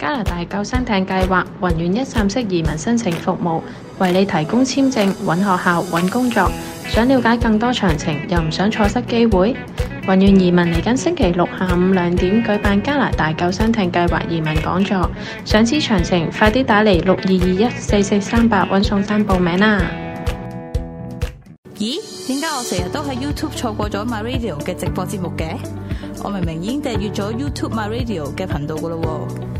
加拿大救生艇計劃宏遠一站式移民申請服務，為你提供簽證、揾學校、揾工作。想了解更多詳情，又唔想錯失機會，宏遠移民嚟緊星期六下午兩點舉辦加拿大救生艇計劃移民講座，想知詳情，快啲打嚟六二二一四四三八揾宋生報名啦！咦？點解我成日都喺 YouTube 錯過咗 My Radio 嘅直播節目嘅？我明明已經訂閱咗 YouTube My Radio 嘅頻道噶啦喎！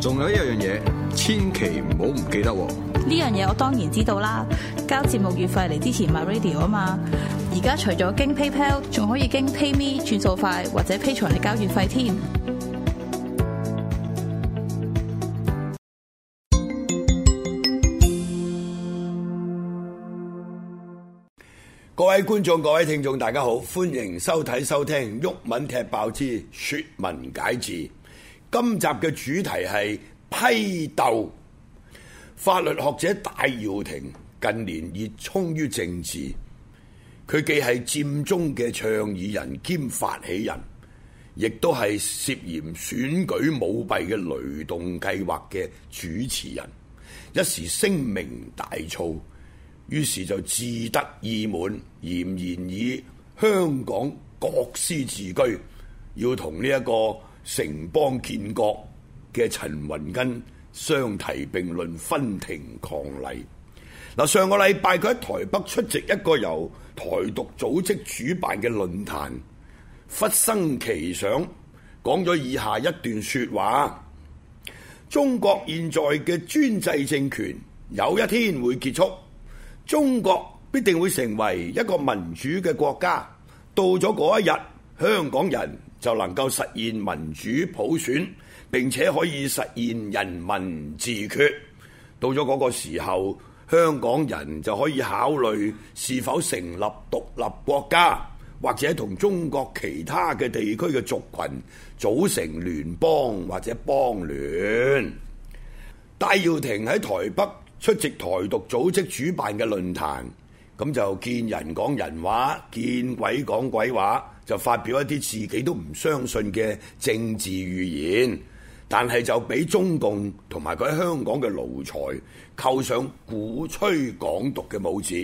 仲有一樣嘢，千祈唔好唔記得喎！呢樣嘢我當然知道啦，交節目月費嚟支持 MyRadio 啊嘛！而家除咗經 PayPal，仲可以經 PayMe 轉數快，或者 Patreon 嚟交月費添。各位觀眾、各位聽眾，大家好，歡迎收睇、收聽《毓民踢爆之說文解字》。今集嘅主題係批鬥。法律學者戴耀廷，近年熱衷於政治，佢既係佔中嘅倡議人兼發起人，亦都係涉嫌選舉舞弊嘅雷動計劃嘅主持人，一時聲名大噪，於是就自得意滿，儼然以香港國師自居，要同呢一個城邦建國嘅陳雲根相提並論，分庭抗禮。嗱，上個禮拜佢喺台北出席一個由台獨組織主辦嘅論壇，忽生奇想，講咗以下一段說話：中國現在嘅專制政權有一天會結束，中國必定會成為一個民主嘅國家。到咗嗰一日，香港人就能夠實現民主普選，並且可以實現人民自決。到咗嗰個時候，香港人就可以考慮是否成立獨立國家，或者同中國其他嘅地區嘅族群組成聯邦或者邦聯。戴耀廷喺台北出席台獨組織主辦嘅論壇，咁就見人講人話，見鬼講鬼話，就發表一啲自己都唔相信嘅政治預言，但係就俾中共同埋佢喺香港嘅奴才扣上鼓吹港獨嘅帽子，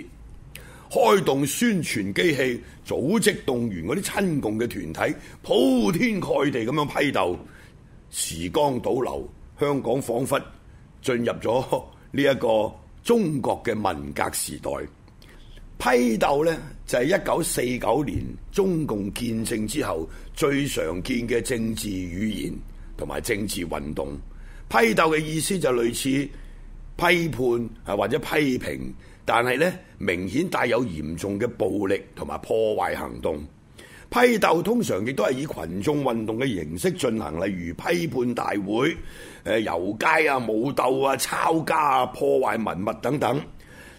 開動宣傳機器，組織動員嗰啲親共嘅團體，鋪天蓋地咁樣批鬥，時光倒流，香港仿佛進入咗呢一個中國嘅文革時代。批鬥呢，就係一九四九年中共建政之後最常見嘅政治語言同埋政治運動。批鬥嘅意思就類似批判啊或者批評，但係呢，明顯帶有嚴重嘅暴力同埋破壞行動。批鬥通常亦都係以群眾運動嘅形式進行，例如批判大會、誒遊街啊、武鬥啊、抄家啊、破壞文物等等。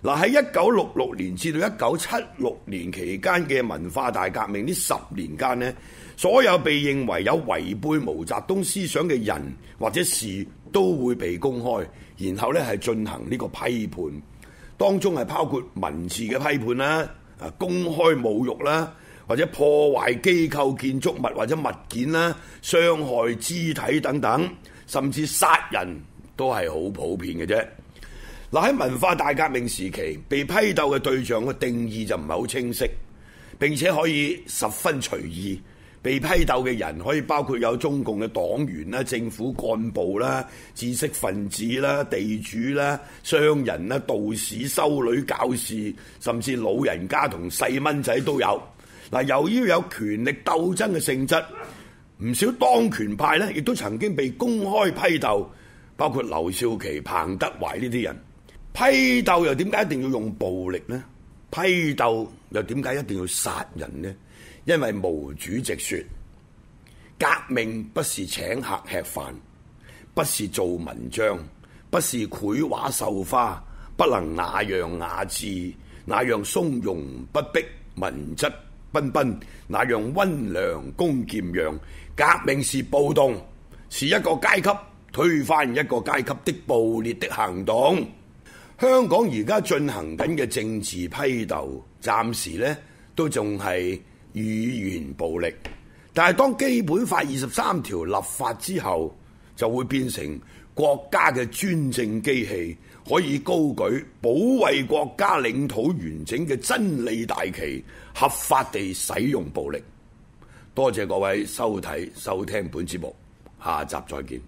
嗱，喺一九六六年至到一九七六年期間嘅文化大革命呢十年間呢，所有被認為有違背毛澤東思想嘅人或者事都會被公開，然後呢係進行呢個批判，當中係包括文字嘅批判啦、啊公開侮辱啦，或者破壞機構建築物或者物件啦、傷害肢體等等，甚至殺人都係好普遍嘅啫。嗱喺文化大革命時期，被批鬥嘅對象嘅定義就唔係好清晰，並且可以十分隨意。被批鬥嘅人可以包括有中共嘅黨員啦、政府幹部啦、知識分子啦、地主啦、商人啦、道士、修女、教士，甚至老人家同細蚊仔都有。嗱，由於有權力鬥爭嘅性質，唔少當權派咧，亦都曾經被公開批鬥，包括劉少奇、彭德懷呢啲人。批鬥又點解一定要用暴力呢？批鬥又點解一定要殺人呢？因為毛主席說：革命不是請客吃飯，不是做文章，不是繪畫繡花，不能那樣雅致，那樣從容不迫，文質彬彬，那樣溫良恭儉讓。革命是暴動，是一個階級推翻一個階級的暴烈的行動。香港而家進行緊嘅政治批鬥，暫時呢都仲係語言暴力。但係當基本法二十三條立法之後，就會變成國家嘅專政機器，可以高舉保衞國家領土完整嘅真理大旗，合法地使用暴力。多謝各位收睇收聽本節目，下集再見。